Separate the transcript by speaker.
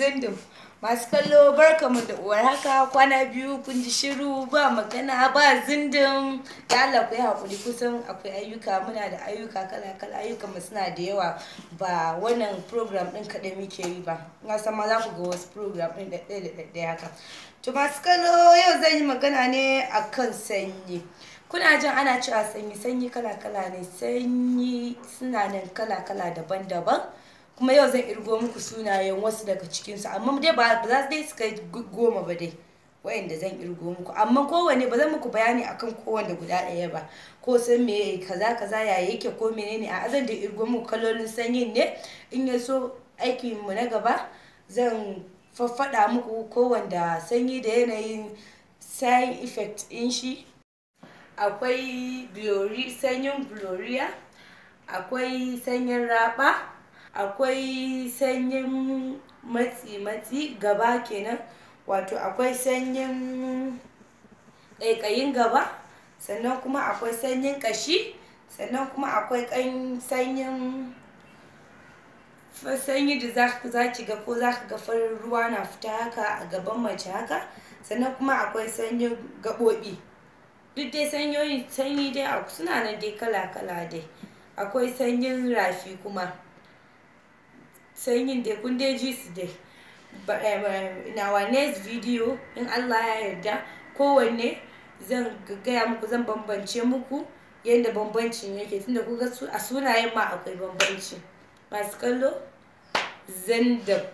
Speaker 1: zindin masu kallo barka mu da uwar haka kwana biyu kun ji shiru ba magana ba zindin da Allah ku yi hakuri kusan akwai ayyuka muna da ayyuka kala kala ayyuka mu suna da yawa ba wannan program din kadai muke yi ba na san ma za ku ga wasu program din da ɗaya haka to masu kallo yau zan yi magana ne akan sanyi kuna jin ana cewa sanyi sanyi kala kala ne sanyi suna nan kala kala daban daban kuma yau zan irgo muku sunayen wasu daga cikinsu amma dai ba za su dai suka goma ba dai wayanda zan irgo muku amma kowane ba zan muku bayani akan kowanne guda ɗaya ba ko san me kaza kaza ya yake ko menene a azan da irgo muku kalolin sanyin ne in ya so aikin mu na gaba zan faffada muku kowanda sanyi da yanayin sign effect in shi akwai glory sanyin gloria akwai sanyin raba akwai sanyin matsi-matsi gaba kenan wato akwai sanyin ƙaiƙayin gaba sannan kuma akwai sanyin ƙashi sannan kuma akwai sanyin sanyi da za ki ga ko za ka ga farin ruwa na fita haka a gaban mace haka sannan kuma akwai sanyin gaɓoɓi duk dai sanyoyi sanyi dai suna nan dai kala-kala dai akwai sanyin rafi kuma sanyin dai kun dai ji su dai in eh, our next video in Allah ya yarda kowanne zan gaya muku zan bambance muku yadda bambancin yake tunda kuga a sunayen ma akwai bambanci masu kallo zandab